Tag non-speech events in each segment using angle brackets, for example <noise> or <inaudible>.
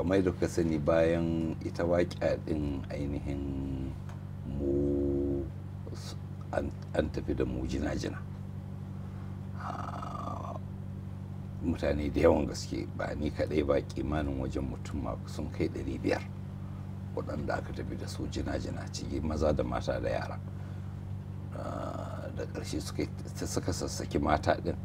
kamar da kuka sani bayan ita waƙa ɗin ainihin mu an tafi da mu jina-jina ah, mutane da yawan gaske ba ni kaɗai ba kimanin wajen mutum sun kai 500 waɗanda aka tafi da su jina-jina ciki maza da mata da yara ah, da ƙarshe suka sassaki mata ɗin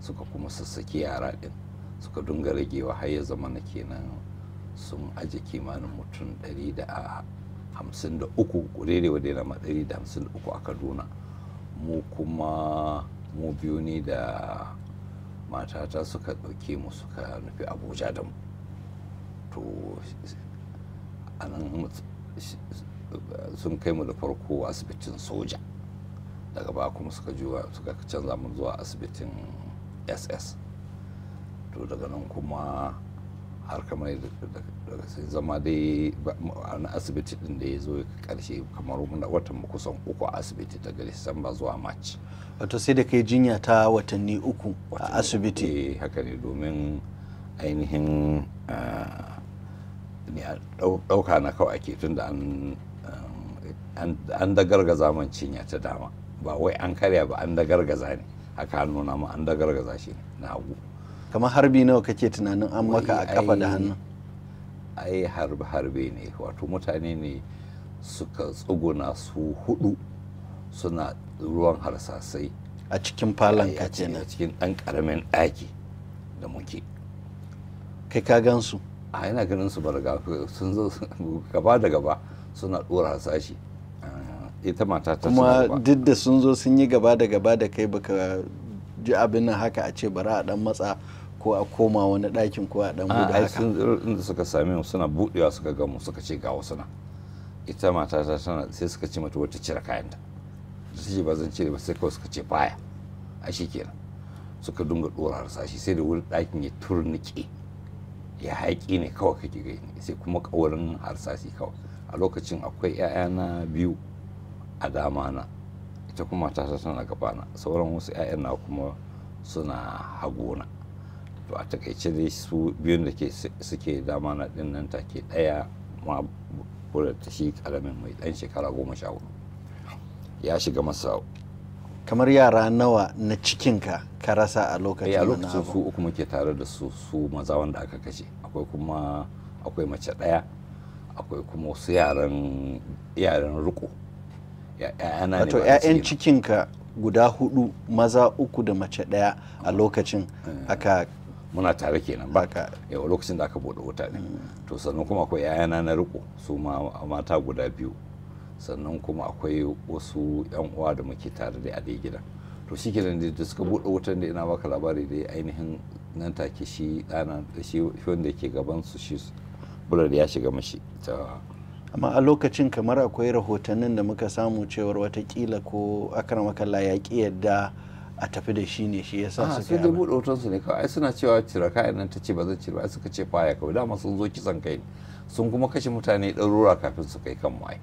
suka kuma sassaki yara ɗin suka dunga ragewa har ya zama na kenan sun aje kimanin mutum 153 kurerewa ma a kaduna mu kuma mu biyu ne da matata suka ɗauke mu suka nufi abuja da mu to a sun kai mu da farko asibitin soja daga ba kuma suka juwa suka canza mu zuwa asibitin ss to daga nan kuma har kamar daga sai zama dai na asibiti din da ya zo karshe kamar watan kusan uku a asibiti daga disamba zuwa march wato sai da kai jinya ta watanni uku a asibiti eh, haka ne domin ainihin ah, ɗauka na kawai ake tun da an gargaza man cinya ta dama ba wai an karya ba an gargaza ne haka nuna ma an gargaza shi na hagu kamar harbi nawa kake tunanin an maka a kafa da hannu ai harbe harbe ne wato mutane ne suka tsuguna su hudu suna ruwan harsasai a cikin falon ka ce a cikin dan karamin daki da muke kai ka gansu a yana ganin su barga sun zo gaba da gaba suna dora harsashi ita mata ta kuma duk da sun zo sun yi gaba da gaba da kai baka ji abin haka a ce bara a dan matsa ko a koma wani ɗakin ko a ɗan ah, buɗe haka sun da suka same mu suna buɗewa suka ga mu suka ce ga wasu na ita mata ta tana sai suka ce mata wata cire kayanta da ce ba zan cire ba sai kawai suka ce baya a shi kenan suka dunga ɗora harsashi sai da wani ɗakin ya turnike ya haƙi ne kawai kake gani sai kuma ƙaurin harsashi kawai a lokacin akwai 'ya'yana biyu a dama na ita kuma ta tana gabana sauran wasu 'ya'yan na kuma suna hagona to a takaice dai su biyun da suke dama na din nan take daya ma ta shi karamin mai dan shekara goma sha hudu ya shiga masa kamar yara nawa na cikinka ka rasa a lokacin eh, a lokacin su uku muke tare da su su maza wanda aka kashe akwai kuma akwai mace daya akwai kuma wasu yaran yaran riko ya'yana ne ya'yan cikinka guda hudu maza uku da mace daya a lokacin eh. aka muna tare kenan ba yawa lokacin da aka bude wuta ne hmm. to sannan kuma akwai yayana na riko su mata guda biyu sannan kuma akwai wasu yan uwa da muke tare da a gida. to shi kenan da suka bude wutan da ina baka labari da ainihin nan take shi ɗana shi wanda ke gaban su shi bular ya shiga mashi ta amma a lokacin kamar akwai rahotannin da muka samu cewar watakila ko akramaka makalla ya ki yadda a tafi da shi ne shi ya sa ah, suka yi buɗe hoton ne kawai suna cewa cira kayan nan ta ce ba zan cira ba suka ce faya kawai dama sun zo kisan kai sun kuma kashe mutane ɗarura kafin su kai kan mai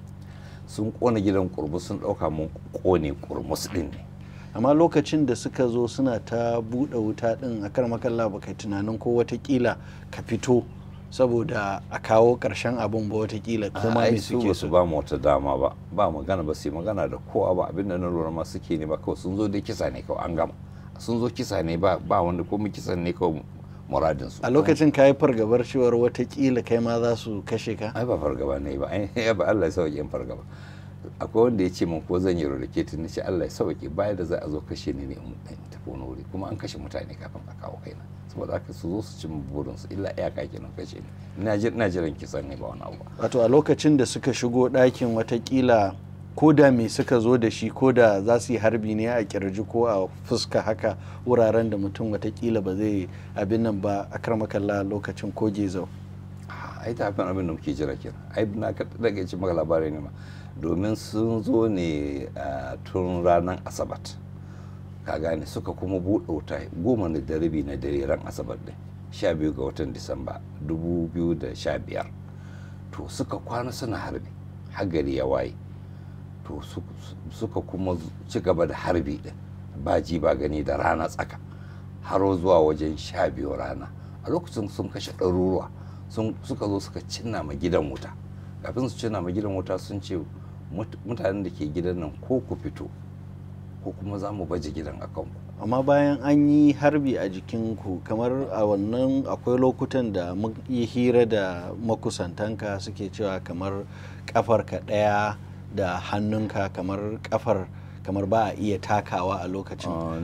sun kona gidan kurmus sun ɗauka mun kone kurmus ɗin ne amma lokacin da suka zo suna ta buɗe wuta ɗin a kar makalla ba kai tunanin ko watakila ka fito saboda a kawo karshen abun ba watakila kuma me suke su ba mu wata dama ba ba magana ba sai magana da kowa ba abin da na lura ma suke ne ba kawai sun zo da kisa ne kawai an gama sun zo kisa ne ba ba wanda ko kisa ne kawai muradinsu. a lokacin ka yi fargabar cewar watakila kai ma za su kashe ka ai ba fargaba ne ba ai ba Allah ya sauke in fargaba akwai wanda ya ce min ko zan yi rarrake na ce Allah ya sauke bayan da za a zo kashe ni ne in tafi wani wuri kuma an kashe mutane kafin a kawo kaina saboda aka su zo su ci burin su illa iyaka kenan kashe ni ina ina jiran kisan ne ba wani abu wato a lokacin da suka shigo ɗakin watakila ko da me suka zo da shi ko da za su yi harbi ne a kirji ko a fuska haka wuraren da mutum watakila ba zai abin nan ba a karmakalla lokacin ko gezau ai ta abin abin da muke jira kenan ai na daga ci maka labarai ne ma domin sun zo ne a tun ranar asabar ka gane suka kuma buɗe wuta goma na darabi na dare ran asabar ne 12 ga watan disamba 2015 to suka kwana suna harbi hagari ya waye to suka kuma ci gaba da harbi ɗin ba ji ba gani da rana tsaka har zuwa wajen 12 rana a lokacin sun kashe ɗaruruwa suka zo suka cinna ma gidan wuta kafin su cinna ma gidan wuta sun ce mutanen da ke gidan nan ko ku fito ko kuma za mu baje gidan a kanku amma bayan an yi harbi a jikinku kamar a wannan akwai lokutan da yi hira da makusantanka suke cewa kamar ka daya da hannunka kamar kafar kamar ba a iya takawa a lokacin ah,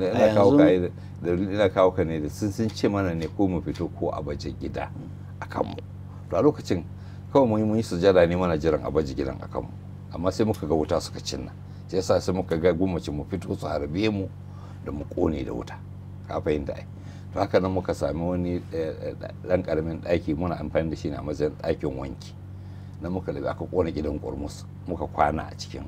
ina kawo ka ne da sun sun ce mana ne ko mu fito ko a baje gida a kanmu a lokacin kawai mun yi sujada ne mana jiran a baje gidan a kanmu amma sai muka ga wuta suka cinna sai yasa sai muka ga gumace mu fito su harbe mu da mu kone da wuta ka fahimta ai to haka nan muka sami wani dan eh, eh, karamin daki muna amfani da shi ne a matsayin dakin wanki na muka da aka kona gidan kurmus muka kwana a cikin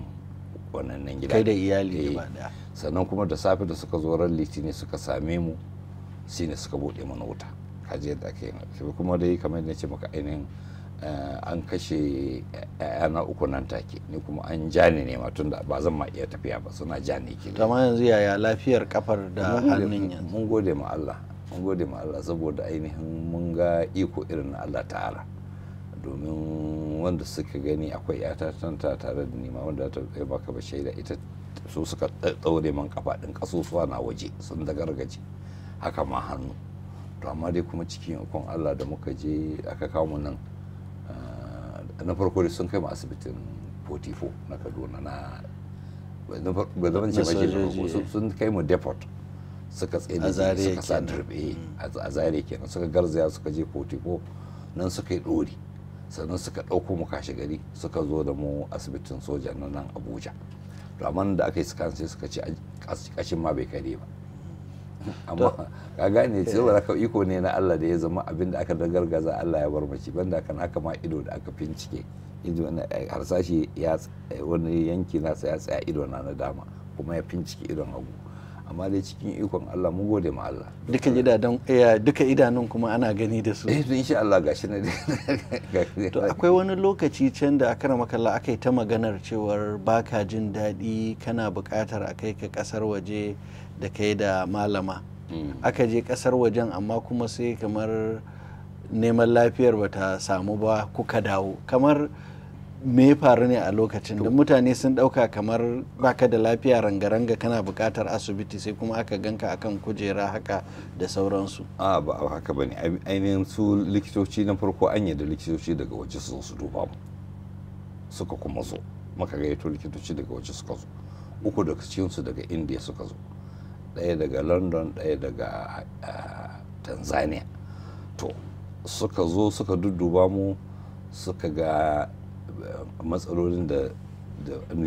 wannan nan gida kai da iyali eh. gaba daya sannan kuma da safe da suka zo ran litini suka same mu shine suka bude mana wuta kaje da ake kuma dai kamar yadda ce maka ainihin Eh, an kashe yana eh, eh, uku nan take ni kuma an ja ni ne ma tunda ba zan ma iya tafiya ba suna ja ne ke ma yanzu yaya lafiyar kafar da hannun yanzu mun gode ma Allah mun gode ma Allah saboda ainihin mun ga iko irin na Allah ta'ala domin wanda suka gani akwai yata ta tare da nima wanda ta kai baka ba shaida ita su suka tsaure man kafa din kasusuwa na waje sun da gargaje haka ma hannu to amma dai kuma cikin ikon Allah da muka je aka kawo mu nan na farko da sun kai mu asibitin 44 na kaduna na ba zama ce mace sun kai mu deport suka tsaye da suka sa dirbe mm. a zare kenan suka garzaya suka je 44 nan suka yi dori sannan suka ɗauko mu kashe gari suka zo da mu asibitin soja na nan abuja to amma da aka yi suka sai suka ce kashin ma bai kare ba amma ka gane cewa ka iko ne na Allah da ya zama abin da aka dangargaza Allah ya bar mace banda kan haka ma ido da aka bincike inji wani eh, harsashi ya eh, wani yanki na ya tsaya ido na na dama kuma ya bincike idon hagu amma dai cikin ikon Allah mu gode ma Allah duka idanun eh, duka idanun kuma ana gani da su eh to insha Allah gashi na <laughs> to akwai wani lokaci can da aka makalla aka yi ta maganar cewar baka jin daɗi kana buƙatar a kai ka ƙasar waje da kai da malama hmm. aka je kasar wajen amma kuma sai kamar neman lafiyar bata samu ba kuka dawo kamar me faru ne a lokacin da mutane sun dauka kamar baka da lafiya rangaranga kana bukatar asibiti sai kuma aka ganka akan kujera haka da sauransu a ba haka ba ne ainihin su likitoci na farko an da likitoci daga waje sun su duba mu suka kuma zo maka gaito likitoci daga waje suka zo uku daga su daga indiya suka zo ɗaya daga london ɗaya daga tanzania to suka zo suka dudduba mu suka ga eh, matsalolin da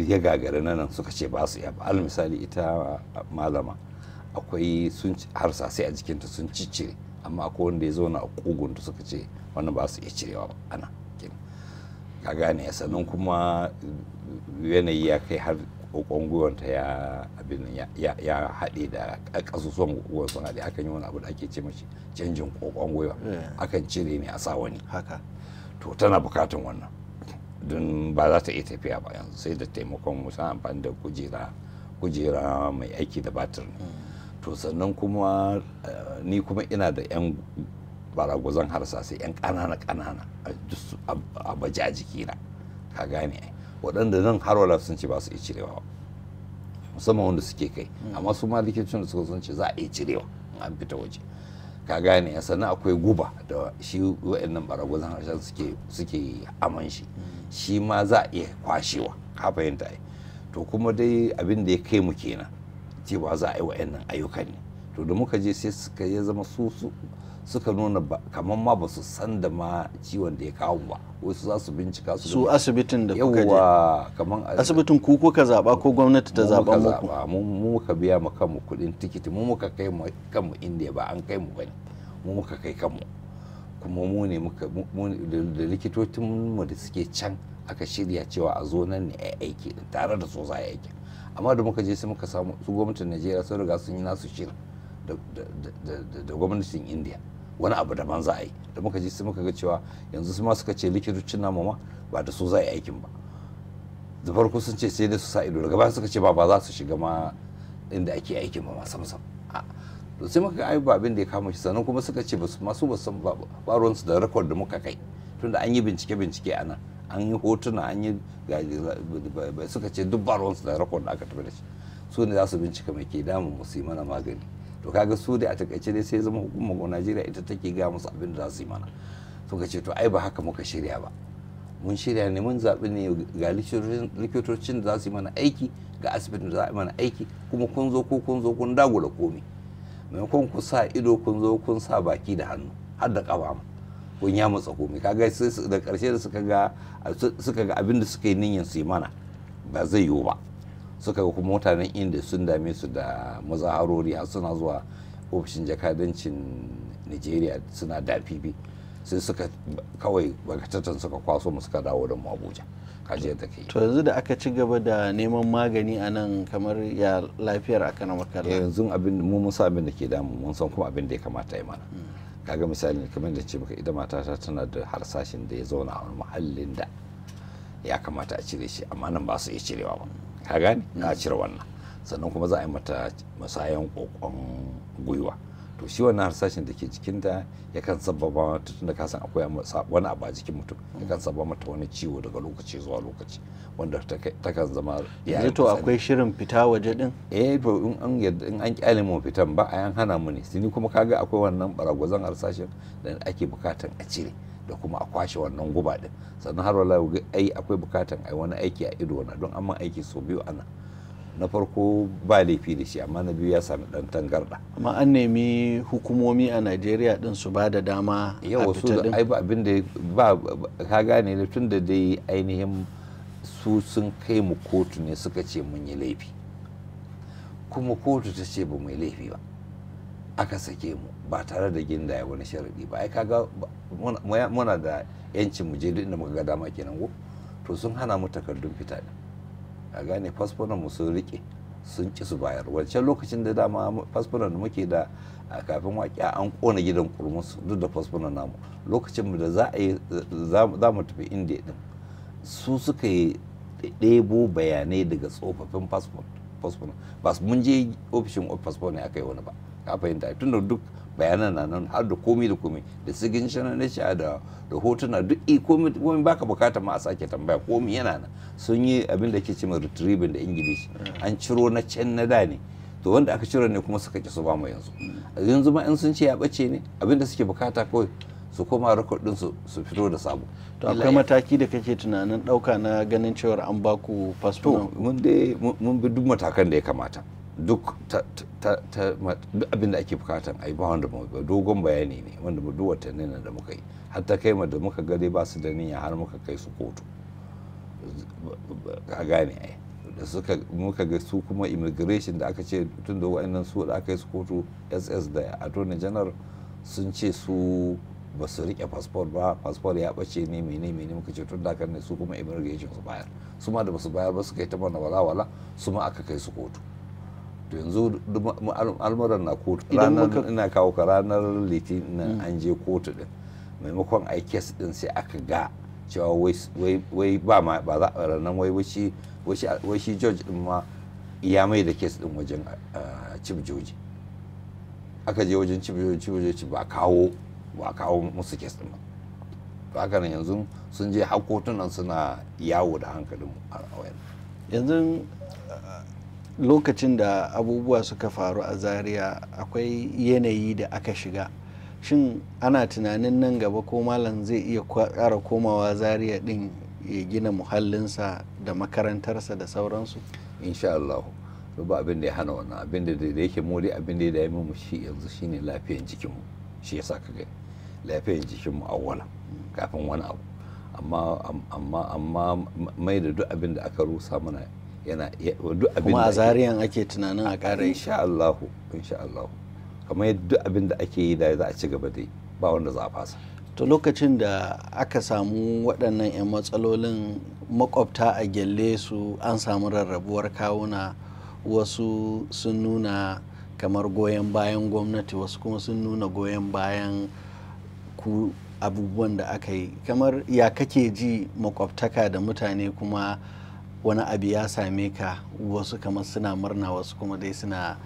ya gagari nan suka ce ba su iya ba misali ita malama akwai sun harsasai a jikinta sun ciccire amma akwai wanda ya zauna a kugunta suka ce wannan ba su iya cirewa ba ana ka gane sannan kuma yanayi ya kai har kokon ta ya abin ya haɗe da ƙasusuwan gwiwan sun haɗe akan yi wani abu da ake ce mashi canjin kokon gwiwa eh. akan cire ne a sa wani haka to tana bukatan wannan don ba za ta iya tafiya ba yanzu sai da taimakon musa amfani da kujera mai aiki da batir hmm. to sannan kuma eh, ni kuma ina da 'yan baragwazon harsasai 'yan ƙanana ƙanana a baje a na ka gane waɗanda nan har wala sun ce ba su iya cirewa ba musamman wanda suke kai amma su ma likitocin da suka sun ce za a iya cirewa in an fita waje ka gane ya sannan akwai guba da shi wa'annan baragwazon harshen suke suke aman shi shi ma za a iya kwashewa ka fahimta ai to kuma dai abin da ya kai mu kenan cewa za a yi wa'annan ayyukan ne to da muka je sai suka ya zama su su suka nuna kamar ma ba su san da ma ciwon da ya kawo ba wasu za su bincika su asibitin da kuka je kaman asibitin ku kuka zaba ko gwamnati ta zaba muku mu muka biya mu kanmu kudin tikiti mu muka kai mu kanmu inda ba an kai mu bane mu muka kai kanmu kuma mu ne muka da likitocin mu da suke can aka shirya cewa a zo nan ne aiki tare da so za aiki amma da muka je sai muka samu su gwamnatin Najeriya sun riga sun yi nasu shirin da gwamnatin India wani abu da za a yi da muka ji sai muka ga cewa yanzu su ma suka ce likitocin namu ma ba da su za yi aikin ba da farko sun ce sai da su sa ido daga baya suka ce ba ba za su shiga ma inda ake aikin ba sam sam to sai muka ga ai ba abin da ya kama shi sannan kuma suka ce basu masu ba san ba ruwan su da record da muka kai tunda an yi bincike bincike a nan an yi hotuna an yi suka ce duk ba ruwan da record da aka tafi da shi su ne za su bincika mai ke damun mu su yi mana magani to kaga su dai a takaice dai sai zama hukumar gwamnatin Najeriya ita take ga musu abin da za su yi mana suka ce to ai ba haka muka shirya ba mun shirya ne mun zaɓi ne ga likitocin da za su yi mana aiki ga asibitin da za a mana aiki kuma kun zo ko kun zo kun dagula komi maimakon ku sa ido kun zo kun sa baki da hannu har da ƙafa mu kun ya matsa komi kaga sai da ƙarshe da suka ga abin da suka yi niyyar su yi mana ba zai yiwu ba suka kuma mutanen inda sun dame su da mazaharori har suna zuwa ofishin jakadancin nigeria suna dafifi sai suka kawai bakatattun suka kwaso mu suka dawo da mu abuja kaji kai to yanzu da aka ci gaba da neman magani a nan kamar ya lafiyar aka na makalla eh, yanzu abin mu mun san abin da ke damu mun san kuma abin da ya kamata ya mana mm. kaga misali kamar da ce maka ita matata tana da harsashin da ya zauna a wani muhallin da ya kamata a cire shi amma nan ba su iya cirewa ba mm. ka gane a cire wannan sannan kuma za a yi mata musayan kokon gwiwa to shi wannan harsashin da ke jikinta yakan sababa mata tunda ka san akwai wani abu a jikin mutum yakan sababa mata wani ciwo daga lokaci zuwa lokaci wanda takan zama yi to akwai shirin fita waje din eh to in an yadda in an kyale mu fitan ba a yan hana mu ne sini kuma kaga akwai wannan baragwazon harsashin da ake bukatan a cire da kuma a kwashe wannan guba din sannan har wallahi ai akwai bukatan ai wani aiki a ido na don an aiki so biyu ana na farko ba laifi da shi amma na biyu ya sami dan tangarda amma an nemi hukumomi a Najeriya din su ba da dama a su ai ba abin da ba ka gane ne tun da dai ainihin su sun kai mu kotu ne suka ce mun yi laifi kuma kotu ta ce ba mu laifi ba aka sake mu ba tare da ginda ya wani sharadi ba ai kaga muna da yancin mu je duk inda muka ga dama kenan go to sun hana mu takardun fita a gane fasfonan mu sun rike sun ci su bayar wancan lokacin da dama fasfonan da muke da a kafin waƙi an kona gidan kurmus duk da fasfonan namu lokacin da za a yi za mu tafi indiya din su suka yi ɗebo bayanai daga tsofaffin fasfon ba mun je ofishin fasfon ne aka yi wani ba ka fahimta da duk bayanan na nan har da komai da komai da sigin na sha da da hotuna duk eh, i komai baka bukata ma a sake tambaya komai yana nan sun yi abin da ke cewa retrieving da ingilishi hmm. an ciro na can na da ne to wanda aka ciro ne kuma suka ki su ba mu yanzu hmm. yanzu ma in sun ce ya bace ne abin da suke bukata kawai su koma rekod din su su fito da sabo to akwai mataki da kake tunanin dauka na ganin cewar an baku fasfo mun bi duk matakan da ya kamata duk abin da ake bukatan a yi ba wanda dogon bayani ne wanda duk watanni nan da muka yi hatta kai ma da muka gare ba su da niyya har muka kai su kotu a gane ai da suka muka ga su kuma immigration da aka ce tun da wa'annan su da aka yi su kotu ss da attorney general sun ce su ba su rike passport ba passport ya bace ne mene mene muka ce tun da kan ne su kuma immigration su bayar su ma da ba su bayar ba su kai ta mana wala wala su ma aka kai su kotu to yanzu al'amuran na kotu ranar ina kawo ka ranar litinin mm. an je kotu din maimakon ai kes din sai aka ga cewa wai ba ma ba za a ranar wai wai shi george din ma ya mai da kes din wajen chief joji aka je wajen chief joji chief joji ba kawo ba kawo musu kes din ba haka nan yanzu sun je hakotunan suna yawo da hankalin a wayan yanzu lokacin da abubuwa suka faru a zaria akwai yanayi da aka shiga shin ana tunanin nan gaba ko malam zai iya ƙara komawa zaria din ya gina muhallinsa da makarantarsa da sauransu insha Allah ba abin da ya hana wannan abin da da yake mori abin da ya dami mu shi yanzu shine lafiyan jikinmu shi yasa ka gani lafiyan jikinmu awwala kafin wani abu amma amma amma mai da duk abin da aka rusa mana yana duk abin kuma a ake tunanin a ƙara insha Allah kamar duk da ake yi da za a gaba dai ba wanda za fasa to lokacin da aka samu waɗannan 'yan matsalolin makwabta a gyalle su an samu rarrabuwar kawuna wasu sun nuna kamar goyon bayan gwamnati wasu kuma sun nuna goyon bayan ku abubuwan da aka yi kamar ya kake ji makwabtaka da mutane kuma wani abu ya same ka wasu kamar suna murna wasu kuma dai suna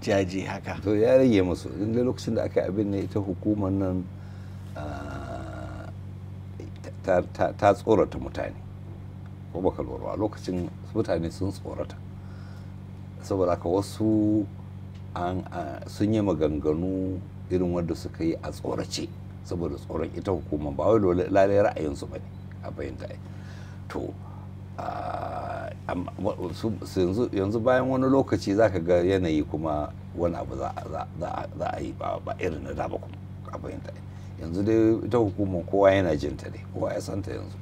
jaji haka to ya rage musu inda lokacin da aka yi abin ne ita hukumar nan ah, ta tsorata mutane ko baka lura lokacin mutane sun tsorata saboda ka wasu sun yi maganganu irin wanda suka yi a tsorace saboda tsoron ita hukumar ba wai lalai ra'ayinsu ba ne a fahimta to Ah, yanzu bayan wani lokaci za ka ga yanayi kuma wani abu za a yi ba irin na da ba kuma abin fahimta yanzu dai ita hukumar kowa yana jinta ne kowa ya santa yanzu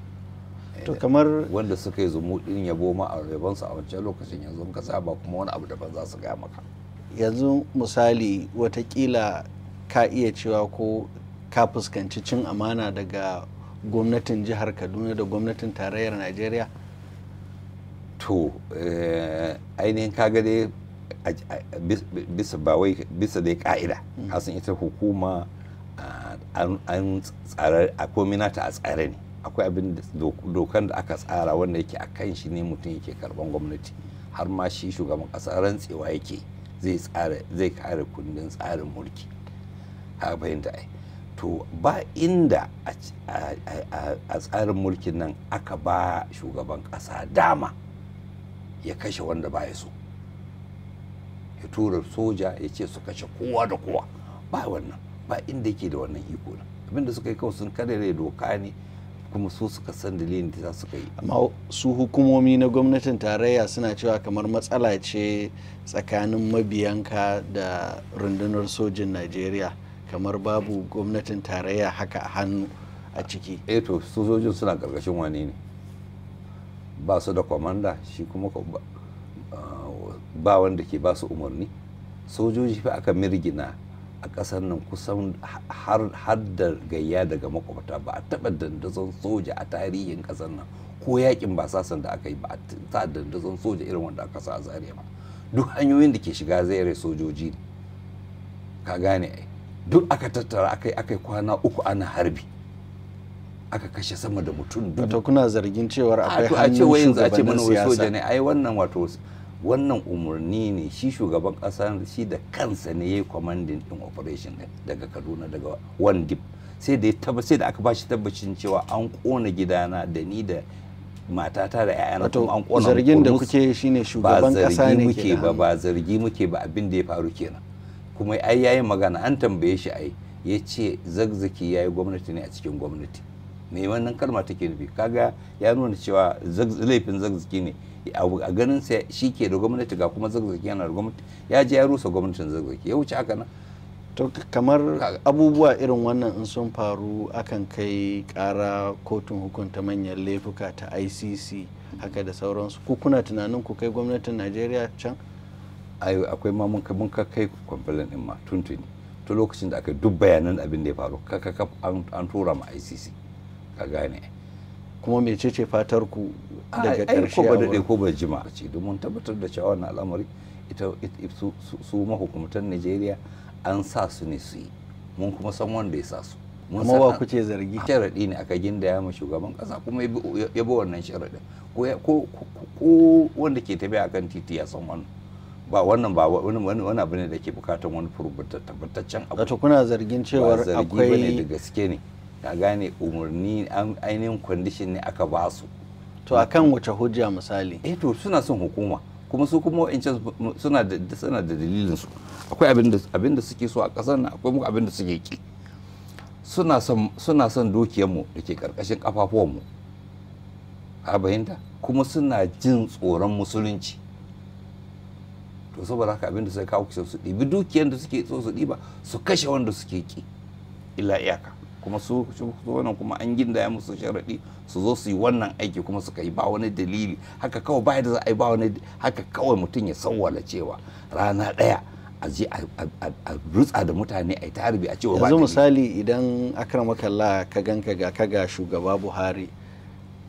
eh, to kamar wanda suka yi zumudin yabo ma a rabonsu a wancan lokacin yanzu ka ba kuma wani abu daban za su gaya maka yanzu misali watakila ka iya cewa ko ka fuskanci cin amana daga gwamnatin jihar kaduna da gwamnatin tarayyar najeriya to eh, ainihin kaga dai bisa ba wai bisa dai ka'ida kasan ita hukuma an tsara a ta a tsare ne akwai abin dokan da aka tsara wanda yake a kan shi ne mutum yake karban gwamnati har ma shi shugaban ƙasa, rantsewa yake zai tsara zai kare kundin tsarin mulki a fahimta ai to ba inda a tsarin mulkin nan aka ba shugaban ƙasa dama ya kashe wanda ba ya so ya tura soja ya ce su kashe kowa da kowa ba wannan ba inda yake da wannan iko na abinda suka yi kawai sun karere doka ne kuma su suka san dalilin da za su yi amma su hukumomi na gwamnatin tarayya suna cewa kamar matsala ce tsakanin mabiyanka da rundunar sojin najeriya kamar babu gwamnatin tarayya haka a hannu a ciki eto eh to sojojin suna karkashin wani ne ba su da kwamanda shi kuma ah, ba wanda ke ba su umarni sojoji fa aka mirgina a ƙasar nan kusan har da gayya daga makwabta ba a taɓa dandazon soja a tarihin ƙasar nan ko yakin ba sasan da aka yi ba a ta dandazon soja irin wanda aka sa a zariya ba duk hanyoyin da ke shiga zairai sojoji ka gane duk aka tattara aka yi kwana uku ana harbi aka kashe sama da mutum dubu wato kuna zargin cewar akwai hannun shugabannin siyasa ne ai wannan wato wannan umarni ne shi shugaban kasa shi da kansa ne yayi commanding din operation din daga Kaduna daga one dip sai da taba sai da aka bashi tabbacin cewa an kona gidana da ni da matata da ƴaƴana kuma an kona zargin da kuke shine shugaban kasa ne ke ba ba zargi muke ba abin da ya faru kenan kuma ai yayi magana an tambaye shi ai ya ce zagzaki ya yi gwamnati ne a cikin gwamnati mai wannan kalma take nufi kaga ya nuna cewa laifin zagzaki ne a ganin sa shi ke da gwamnati ga kuma zagzaki yana da gwamnati ya je ya rusa gwamnatin zagzaki ya wuce haka nan to kamar abubuwa irin wannan in sun faru akan kai kara kotun hukunta manyan laifuka ta icc haka da sauransu ku kuna tunanin ku kai gwamnatin najeriya can akwai ma mun kai kwamfalin din ma tuntuni to lokacin da aka duk bayanan abin da ya faru an tura ma icc a gane kuma mecece fatar ku daga ƙarshe ko ba da ko ba jima ce domin tabbatar da cewa wannan al'amari ita su mahukumtan nigeria an sa su ne su yi mun kuma san wanda ya sa su kuma ba ku ce zargi sharaɗi ne aka ya mu shugaban kasa kuma ya bi wannan sharaɗin ko wanda ke tafiya akan titi ya san wannan ba wannan ba wani wani abu ne da ke bukatar wani furbuta tabbataccen abu wato kuna zargin cewa akwai da gaske ne ka gane umarni ainihin kwandishin ne aka ba su to a kan wace hujja misali eh to suna son hukuma kuma su kuma wa'ancan suna da suna da dalilin su akwai abin da suke so a ƙasar nan akwai muku abin da suke ki suna son suna son dukiyar mu da ke karkashin kafafuwan mu a bayanta kuma suna jin tsoron musulunci to saboda haka abin da suka kawo kusa su ɗibi dukiyar da suke so su ɗiba su kashe wanda suke ki ila iyaka kuma su wannan kuma an gindaya musu sharaɗi su zo su yi wannan aiki kuma su kai ba wani dalili haka kawai ba da za a yi ba wani haka kawai mutum ya sawwala cewa rana ɗaya a je a rutsa da mutane a yi tarbi a cewa ba yanzu misali idan makalla ka ganka ga ga shugaba buhari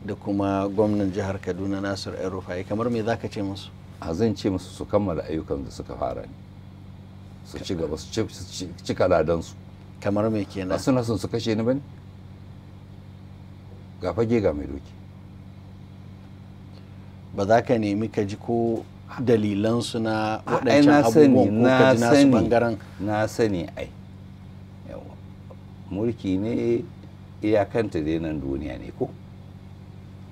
da kuma gwamnan jihar kaduna nasir el rufai kamar me za ka ce musu a zan ce musu su kammala ayyukan da suka fara ne su ci gaba su cika ladansu kamar mai kenan suna son su kashe ni bane ga fage ga mai doki ba za ka nemi ka ji ko dalilan su na waɗancan abubuwan ko ka ji nasu bangaren na sani ai mulki ne iyakanta dai nan duniya ne ko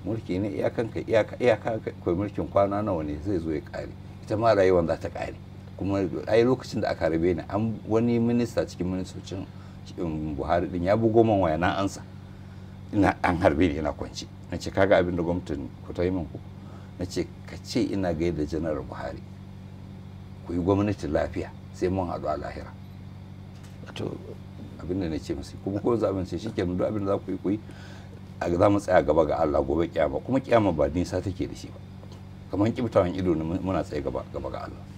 mulki ne iyakanka iyaka kai mulkin kwana nawa ne zai zo ya kare ita ma rayuwar za ta kare kuma ai lokacin da aka rabe ni an wani minista cikin ministocin buhari din ya bugo man waya na ansa ina an harbe ne yana kwance na ce kaga abin da gwamnatin ku ta yi min ku na ce ka ce ina gaida janar buhari ku yi gwamnati lafiya sai mun hadu a lahira wato abin da na ce musu kuma ko zaɓin sai shike duk abin da za ku yi ku yi a za mu tsaya gaba ga Allah gobe kiyama kuma kiyama ba nisa take da shi ba kamar kibtawan ido muna tsaye gaba ga Allah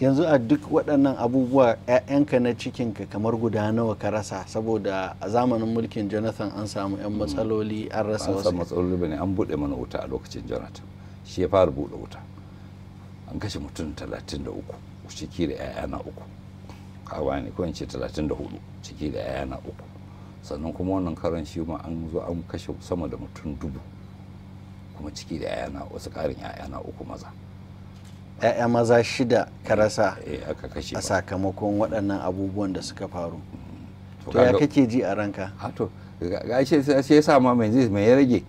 yanzu a duk waɗannan abubuwa 'ya'yanka na cikinka kamar guda nawa ka rasa saboda a zamanin mulkin jonathan an samu 'yan matsaloli an rasa wasu matsaloli bane an buɗe mana wuta a lokacin jonathan shi ya fara buɗe wuta an kashe mutum 33 ciki da 'ya'yana uku kawai ne ko in ce 34 ciki da 'ya'yana uku sannan kuma wannan karan shi ma an zo an kashe sama da mutum dubu kuma ciki da 'ya'yana wasu ƙarin 'ya'yana uku maza 'ya'ya maza shida ka rasa eh, a sakamakon waɗannan abubuwan da suka faru to ya kake ji a ranka to sai ya mai ma mai rage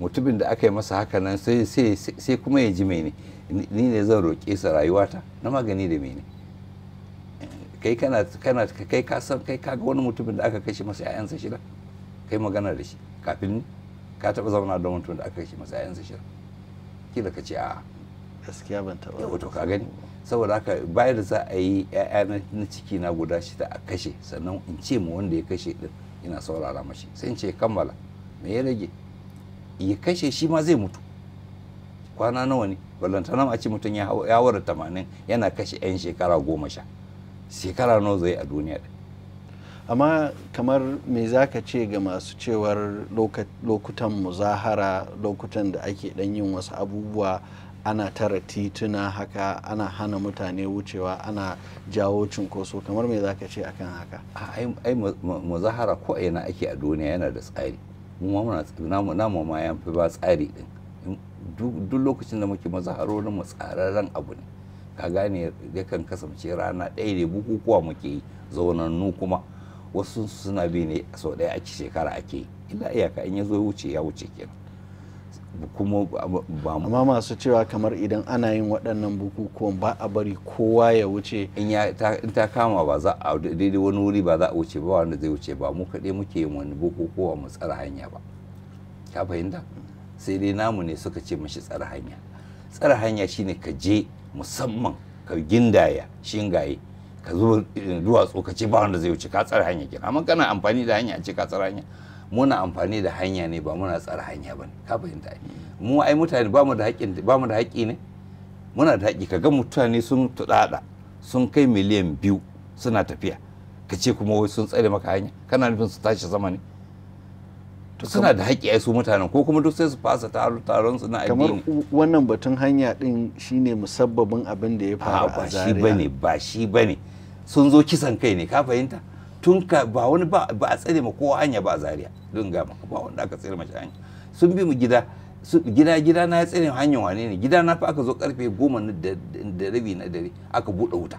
mutumin da aka yi masa haka nan sai kuma ya ji ne. ni ne zan roƙe sa rayuwata na magani da mene kai kana kana kai ka san kai kaga wani mutumin da aka kashe masa 'ya'yansa shida kai magana da shi kafin ka taɓa zauna da mutumin da aka kashe masa 'ya'yansa shida kila ka ce a'a gaskiya ban taɓa yau to ka gani saboda haka bayar da za a yi ƴaƴa na ciki na guda shida a kashe sannan in ce mu wanda ya kashe din ina saurara mashi sai in ce kammala me ya rage ya kashe shi ma zai mutu kwana nawa ne nan a ce mutum ya wara tamanin yana kashe 'yan shekara goma sha shekara nawa zai a duniya din amma kamar me za ka ce ga masu cewar lokutan muzahara lokutan da ake dan yin wasu abubuwa ana tara tituna haka ana hana mutane wucewa ana jawo cunkoso kamar me za ka ce akan haka ai muzahara ko ina ake a duniya yana da tsari mu ma ma ya fi ba tsari din duk lokacin da muke mazaharo na mu tsararren abu ne ka gane yakan kasance rana ɗaya ne bukukuwa muke yi zaunannu kuma wasu suna bi ne sau ɗaya ake shekara ake yi illa iyaka in ya zo wuce ya wuce kenan kuma ba mu. amma masu cewa kamar idan ana yin waɗannan bukukuwan ba a bari kowa ya wuce in ta kama ba za a daidai wani wuri ba za a wuce ba wanda zai wuce ba mu kaɗai muke yin wani bukukuwa mu tsara hanya ba ka fahimta sai dai namu ne suka ce mashi tsara hanya tsara hanya shine ka je musamman ka gindaya shingaye ka zo duwatsu ka ce ba wanda zai wuce ka tsara hanya kenan amma kana amfani da hanya a ce ka tsara hanya muna amfani da hanya ne ba muna tsara hanya ba ka fahimta mu ai mutane ba mu da haƙƙi ba mu da haƙƙi ne muna da haƙƙi kaga mutane sun tudada sun kai miliyan biyu suna tafiya ka ce kuma wai sun tsare maka hanya kana nufin su tashi zama ne suna da haƙƙi ai su mutanen ko kuma duk sai su fasa taro taron su na addini kamar wannan batun hanya din shine musabbabin abin da ya faru a zariya. ba shi bane ba shi bane sun zo kisan kai ne ka fahimta tun ka ba wani ba a tsare ma kowa hanya ba a zariya don ga ba wanda aka tsare mashi hanya sun bi mu gida gida gida na ya tsare hanyar wane ne gida na fa aka zo karfe goma da rabi na dare aka buɗe wuta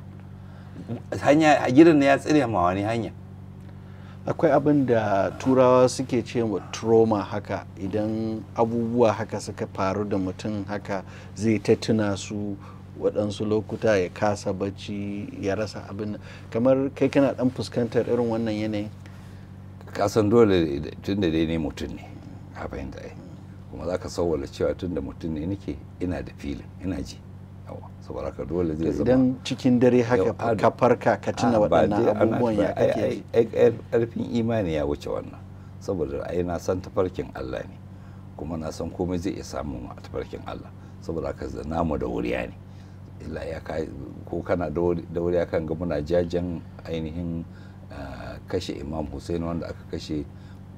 hanya gidan na ya tsare ma wani hanya akwai abin da turawa suke ce wa trauma haka idan abubuwa haka suka faru da mutum haka zai ta tuna su waɗansu lokuta ya kasa bacci ya rasa abin kamar kai kana ɗan fuskantar irin wannan yanayin kasan dole tun da dai ne mutum ne a fahimta ai kuma za ka sauwala cewa tun da mutum ne nake ina da filin ina ji saboda ka dole zai zama idan cikin dare haka ka farka ka tuna waɗannan abubuwan ya kake ƙarfin imani ya wuce wannan saboda ai na san tafarkin Allah ne kuma na san komai zai iya samu a tafarkin Allah saboda ka namu da wuriya ne ko kana da wuri akan ga muna jajen ainihin eh, kashe imam hussein wanda aka kashe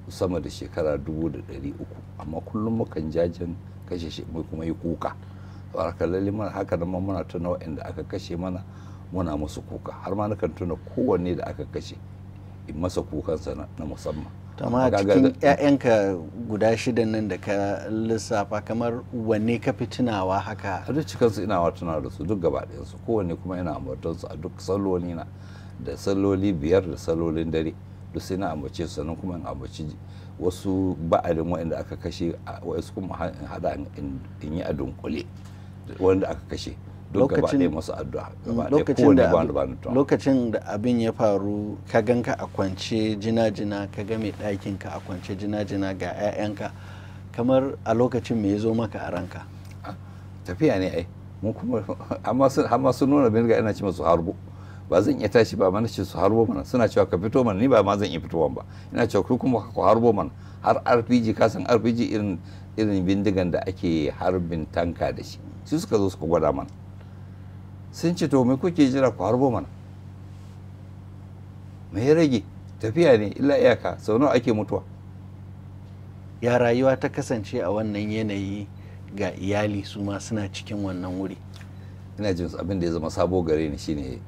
sama da shekara dubu da uku amma kullum mukan jajen kashe shi mai kuma yi kuka barka lalle mana haka nan muna tuna waɗanda aka kashe mana muna musu kuka har ma nakan tuna kowanne da aka kashe in masa kukansa na musamman kamar cikin 'ya'yanka guda shidan nan da ka lissafa kamar wanne ka fi tunawa haka a duk cikinsu ina wa tuna da su duk gaba su kowanne kuma ina ambaton su a duk salloli na da salloli biyar da sallolin dare duk sai na ambace su sannan kuma in amurci wasu ba'adin waɗanda aka kashe wasu kuma hada in yi a dunkule wanda aka kashe lokacin da abin ya faru ka ganka a kwance jina-jina ka ga mai ɗakin ka a kwance jina-jina ga 'ya'yanka kamar a lokacin mai zo maka a ranka ah, tafiya ne ai mun kuma <laughs> amma sun nuna bin ga ina ci masu harbo ba zan iya tashi ba mana ce su harbo mana suna cewa ka fito mana ni ba ma zan iya fito ba ina cewa ku kuma ku harbo mana har rpg ka san rpg irin irin bindigan da ake harbin tanka da shi su suka zo suka gwada mana sun ce to mai kuke jira ku harbo mana mai ya rage tafiya ne illa iyaka sau nawa ake mutuwa ya rayuwa ta kasance a wannan yanayi ga iyali su ma suna cikin wannan wuri ina jin abin da ya zama sabo gare ni shine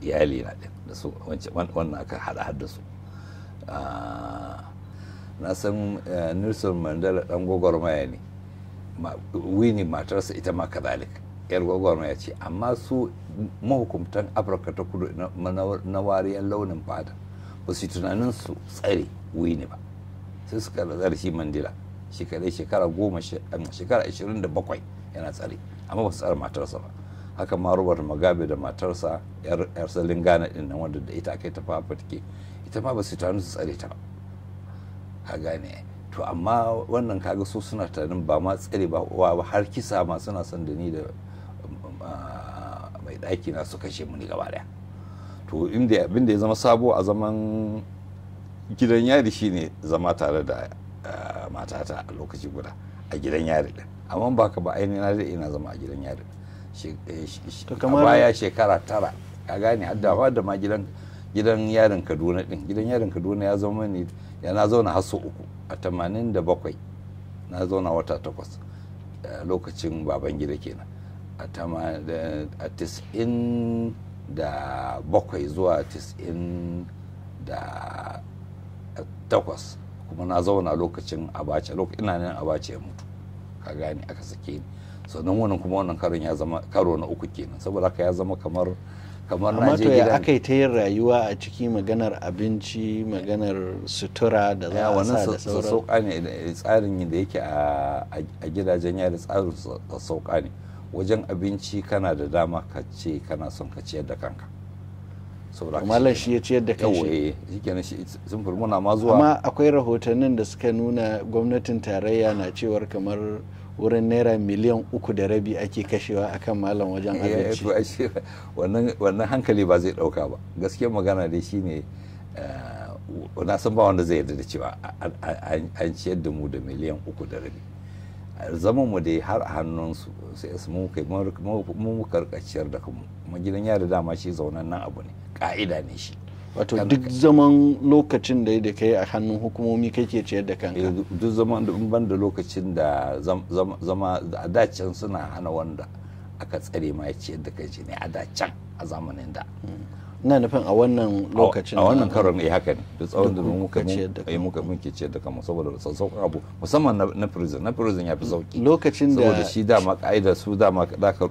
iyali na din da su wannan aka hada hada su ah, na san eh, nelson mandela dan gwagwarmaya ne wini matarsa ita ma kazalik 'yar gwagwarmaya ce amma su mahukumtan afirka ta kudu na wariyar launin fata ba su tunanin su tsare wini ba sai suka tsare shi mandila shekara goma um, da bakwai yana tsare amma ba su tsare matarsa ba haka ma robert magabe da matarsa yar salin ghana din nan da ita kai ta fafa take ita ma ba su tunanin su tsare ta ba ka gane to amma wannan kaga su suna tunanin ba ma tsare ba har kisa ma suna son da ni da ɗaki na su kashe mu ne gaba daya to inda abin da ya zama sabo a zaman gidan yari shine zama tare da eh, matata a lokaci guda a gidan yari din amma ba ka ba ainihin na ina zama a gidan yari eh, baya shekara tara ka gane haddawa da ma gidan yarin kaduna din gidan yarin kaduna ya zama ne ya na zauna har uku a tamanin da bakwai na zauna wata takwas eh, lokacin baban gida kenan a da bakwai zuwa 98 da takwas kuma na zauna lokacin abace lokacin ina nan abace ya mutu ka gane aka sake ni sannan wannan kuma wannan karon ya zama karo na uku kenan saboda haka ya zama kamar kamar na je gidan aka yi ta yin rayuwa a ciki maganar abinci maganar sutura da za a sa da sauran ne tsarin da yake a gidajen yari tsarin sauka ne wajen abinci kana da dama ka ce kana son ka ciyar da kanka saboda malam shi ya ciyar da kai eh, shi kenan shi sun muna ma zuwa amma akwai rahotannin da suka nuna gwamnatin tarayya na cewar kamar wurin naira miliyan uku da rabi ake kashewa akan malam wajen eh, abinci wannan hankali ba zai dauka ba Gaskiya magana dai shine eh, na san ba wanda zai yarda da cewa an ciyar da mu da miliyan uku da rabi zaman mu dai har a hannun su sai su mu kai mu ciyar da kanmu kuma gidan yari dama shi zaunan nan abu ne ka'ida ne shi wato duk zaman lokacin da da kai a hannun hukumomi kake ciyar da kanka eh, duk zaman da ban da lokacin da zama a dacen suna hana wanda aka tsare ma ya ciyar da kai ne a dacen a zamanin da hmm. na nufin a wannan lokacin a wannan karon ne haka ne da tsawon da muka yi muka eh, muke ciyar da kamar saboda sauƙin abu musamman na prison na prison ya fi sauƙi lokacin da saboda shi dama ka'ida su dama zaka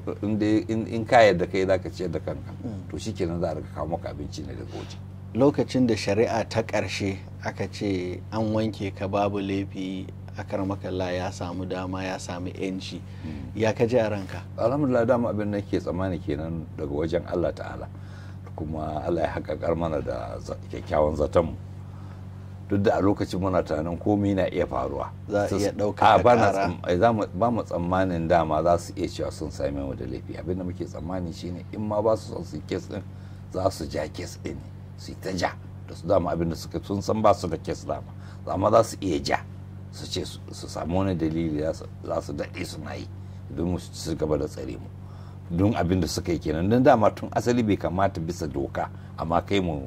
in in ka yarda kai zaka ciyar da kanka mm. to shikenan za a kawo maka abinci ne daga waje lokacin da shari'a ta ƙarshe aka ce an wanke ka babu laifi akar makalla ya samu dama ya samu yanci mm. ya ka ji a ranka alhamdulillah dama abin nake ke tsammani kenan daga wajen Allah ta'ala kuma allah ya haƙaƙar mana da kyakkyawan zatonmu duk da a lokacin muna tunanin komai na iya faruwa za a iya ɗauka ba mu tsammanin dama za su iya cewa sun same mu da laifi abinda muke tsammani shine in ma ba su son su kes din za su ja kes din su ta ja da su dama abinda suka sun san ba su da kes dama amma za su iya ja su ce su samu wani dalili za su daɗe suna yi domin su gaba da tsare mu don abin da suka yi kenan don dama tun asali bai kamata bisa doka amma kai mu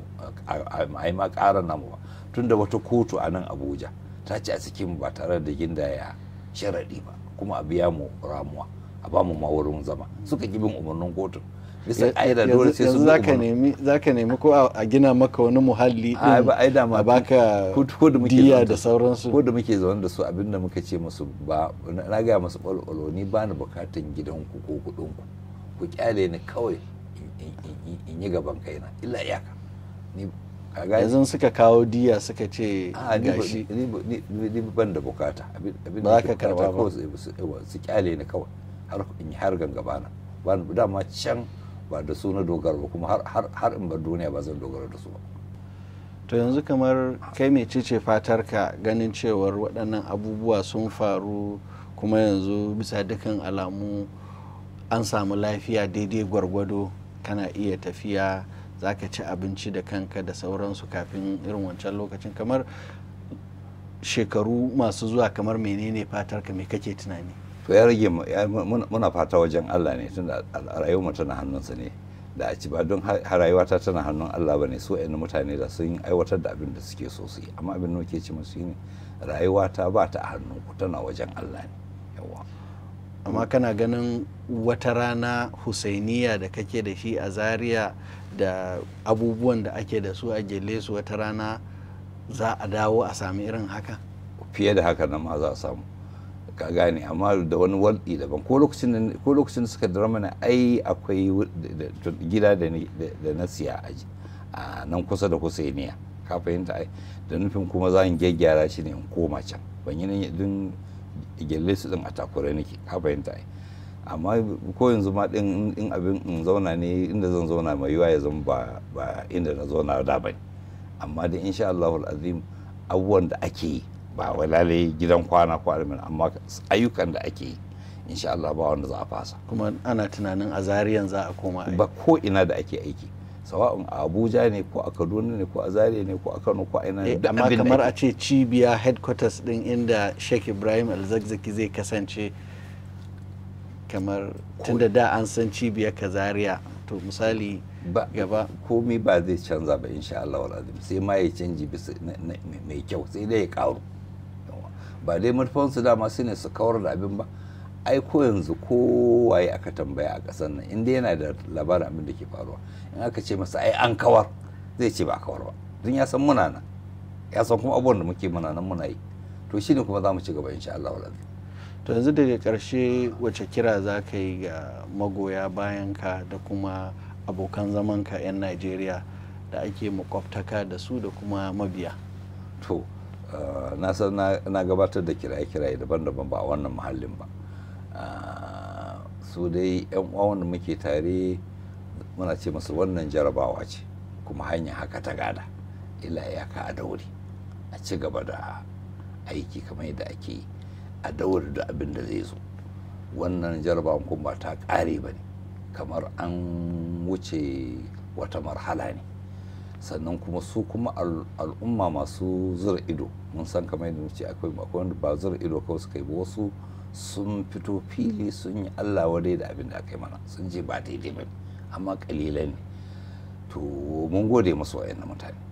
a yi makara namu ba tun da wata kotu a nan abuja ta ce a cikin ba tare da gindaya sharaɗi ba kuma a biya mu ramuwa a ba mu mawurin zama suka ki bin umarnin kotun bisa aida dole sai yi. zaka nemi ka nemi ko a gina maka wani muhalli din ba aida ma baka diya da sauransu ko da muke zaune da su abinda muke ce musu ba na ga musu kwalwalo ni ba ni bukatan gidanku ko kudinku ku kyale ni kawai in yi gaban kaina illa iyaka ni yanzu suka kawo diya suka ce gashi ni ban da bukata abin da ka karba ba su kyale ni kawai har in yi har gangabana ba dama can ba da su na dogara ba kuma har in bar duniya ba zan dogara da su ba to yanzu kamar kai mai ce fatarka ganin cewar waɗannan abubuwa sun faru kuma yanzu bisa dukkan alamu an samu lafiya daidai gwargwado kana iya tafiya za ka ci abinci da kanka da sauransu kafin irin wancan lokacin kamar shekaru masu zuwa kamar menene fatar ka me kake tunani to ya rage muna fata wajen Allah ne rayuwa tana hannunsa ne da a ci ba don rayuwa ta tana hannun Allah ne so ɗan mutane da sun aiwatar da abin da suke so su yi amma abin da muke ci musu ne rayuwa ta ba ta a hannunku tana wajen Allah ne amma mm. kana ganin wata rana husainiya da kake da shi a zaria da abubuwan da ake da su a gelle su wata rana za a dawo a sami irin haka fiye da haka na ma za a samu ka gane amma da wani walɗi daban ko lokacin suka dara mana ai akwai gida da na siya a nan kusa da husainiya ka fahimta ai da nufin kuma za in gyaggyara shi ne in koma can ban yi don gyalle su din a takure nake ka fahimta ai amma ko yanzu ma din in abin in zauna ne inda zan zauna mai yuwa ya zama ba ba inda na zauna da bai amma da insha Allahu azim abubuwan da ake yi ba walale gidan kwana ko almin amma ayyukan da ake yi insha Allah ba wanda za a fasa kuma ana tunanin a zariyan za a koma ba ko ina da ake aiki sawa'un a abuja ne ko a kaduna ne ko a zaria ne ko a kano ko a ina ne eh, amma kamar a ce cibiya headquarters din inda sheikh ibrahim alzakzaki zai kasance kamar tunda da an san cibiyar ka zaria to misali gaba komi ba zai canza ba insha Allah wal sai ma ya canji bisa mai kyau sai dai ya karu ba dai manufansu dama su ne su kawar da abin ba ai ko yanzu kowaye aka tambaya a ƙasar nan inda yana da labarin abin da ke faruwa in aka ce masa ai an kawar zai ce ba kawar ba don ya san muna nan ya san kuma abubuwan da muke muna nan muna yi to shi ne kuma za mu ci gaba insha Allah wala to yanzu daga karshe wace kira za ka yi ga magoya bayan ka da kuma abokan zaman ka 'yan Najeriya da ake makwabtaka da su da kuma mabiya to eh, na san na gabatar da kiraye-kiraye daban-daban ba a wannan muhallin ba ah, su dai 'yan uwa wanda muke tare muna ce masu wannan jarabawa ce kuma hanya haka ta gada illa ka a daure a ci gaba da aiki kamar yadda ake yi a daure da abin da zai zo wannan jarabawan kuma ta kare ba ne kamar an wuce wata marhala ne sannan kuma su kuma al'umma masu zura ido mun san kamar yadda wuce akwai wanda ba zura ido kawai suka yi ba wasu sun fito fili sun yi allah wadai da abin da aka yi mana sun je ba daidai ba ne amma kalilan ne to mun gode musu wa'annan mutane